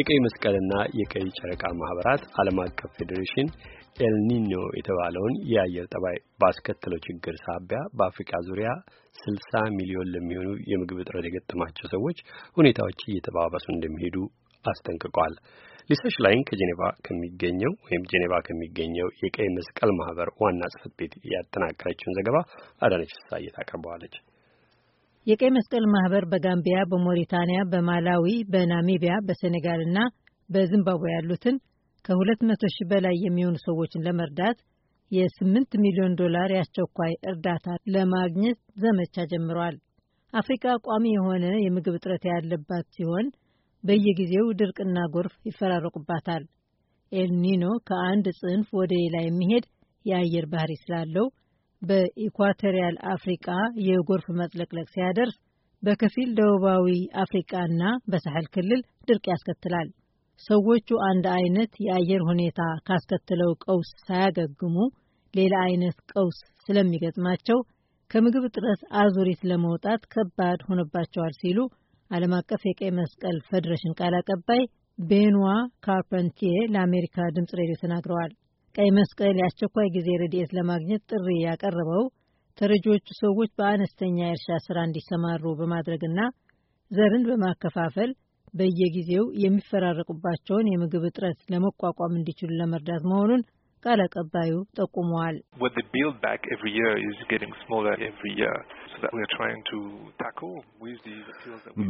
የቀይ መስቀልና የቀይ ጨረቃ ማህበራት ዓለም አቀፍ ፌዴሬሽን ኤልኒኖ የተባለውን የአየር ጠባይ ባስከተለው ችግር ሳቢያ በአፍሪካ ዙሪያ 60 ሚሊዮን ለሚሆኑ የምግብ እጥረት የገጠማቸው ሰዎች ሁኔታዎች እየተባባሱ እንደሚሄዱ አስጠንቅቋል። ሊሰሽ ላይን ከጄኔቫ ከሚገኘው ወይም ጄኔቫ ከሚገኘው የቀይ መስቀል ማህበር ዋና ጽህፈት ቤት ያጠናቀረችውን ዘገባ አዳነች ሳየት አቅርበዋለች። የቀይ መስቀል ማህበር በጋምቢያ፣ በሞሪታንያ፣ በማላዊ፣ በናሚቢያ፣ በሴኔጋል እና በዚምባብዌ ያሉትን ከ200 ሺህ በላይ የሚሆኑ ሰዎችን ለመርዳት የ8 ሚሊዮን ዶላር የአስቸኳይ እርዳታ ለማግኘት ዘመቻ ጀምረዋል። አፍሪካ ቋሚ የሆነ የምግብ እጥረት ያለባት ሲሆን በየጊዜው ድርቅና ጎርፍ ይፈራረቁባታል። ኤልኒኖ ከአንድ ጽንፍ ወደ ሌላ የሚሄድ የአየር ባህሪ ስላለው በኢኳቶሪያል አፍሪቃ የጎርፍ መጥለቅለቅ ሲያደርስ በከፊል ደቡባዊ አፍሪቃና በሳሐል ክልል ድርቅ ያስከትላል። ሰዎቹ አንድ አይነት የአየር ሁኔታ ካስከተለው ቀውስ ሳያገግሙ ሌላ አይነት ቀውስ ስለሚገጥማቸው ከምግብ እጥረት አዙሪት ለመውጣት ከባድ ሆነባቸዋል ሲሉ ዓለም አቀፍ የቀይ መስቀል ፌዴሬሽን ቃል አቀባይ ቤንዋ ካርፐንቲ ለአሜሪካ ድምፅ ሬዲዮ ተናግረዋል። ቀይ መስቀል የአስቸኳይ ጊዜ ረድኤት ለማግኘት ጥሪ ያቀረበው ተረጂዎቹ ሰዎች በአነስተኛ የእርሻ ስራ እንዲሰማሩ በማድረግና ዘርን በማከፋፈል በየጊዜው የሚፈራረቁባቸውን የምግብ እጥረት ለመቋቋም እንዲችሉ ለመርዳት መሆኑን ቃል አቀባዩ ጠቁመዋል።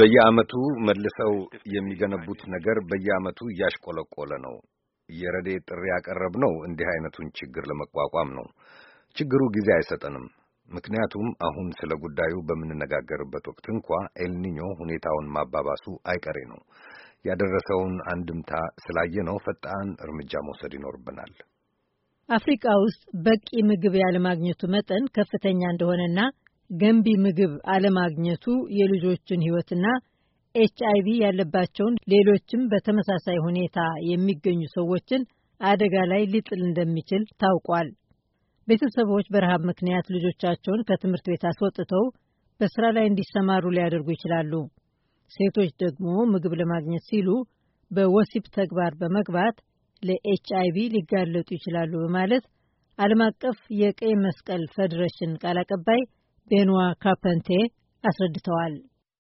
በየአመቱ መልሰው የሚገነቡት ነገር በየአመቱ እያሽቆለቆለ ነው። የረድኤት ጥሪ ያቀረብነው እንዲህ አይነቱን ችግር ለመቋቋም ነው። ችግሩ ጊዜ አይሰጠንም። ምክንያቱም አሁን ስለ ጉዳዩ በምንነጋገርበት ወቅት እንኳ ኤልኒኞ ሁኔታውን ማባባሱ አይቀሬ ነው። ያደረሰውን አንድምታ ስላየነው ፈጣን እርምጃ መውሰድ ይኖርብናል። አፍሪካ ውስጥ በቂ ምግብ ያለማግኘቱ መጠን ከፍተኛ እንደሆነና ገንቢ ምግብ አለማግኘቱ የልጆችን ሕይወትና ኤች አይ ቪ ያለባቸውን ሌሎችም በተመሳሳይ ሁኔታ የሚገኙ ሰዎችን አደጋ ላይ ሊጥል እንደሚችል ታውቋል። ቤተሰቦች በረሃብ ምክንያት ልጆቻቸውን ከትምህርት ቤት አስወጥተው በስራ ላይ እንዲሰማሩ ሊያደርጉ ይችላሉ። ሴቶች ደግሞ ምግብ ለማግኘት ሲሉ በወሲብ ተግባር በመግባት ለኤች አይ ቪ ሊጋለጡ ይችላሉ በማለት ዓለም አቀፍ የቀይ መስቀል ፌዴሬሽን ቃል አቀባይ ቤንዋ ካፐንቴ አስረድተዋል።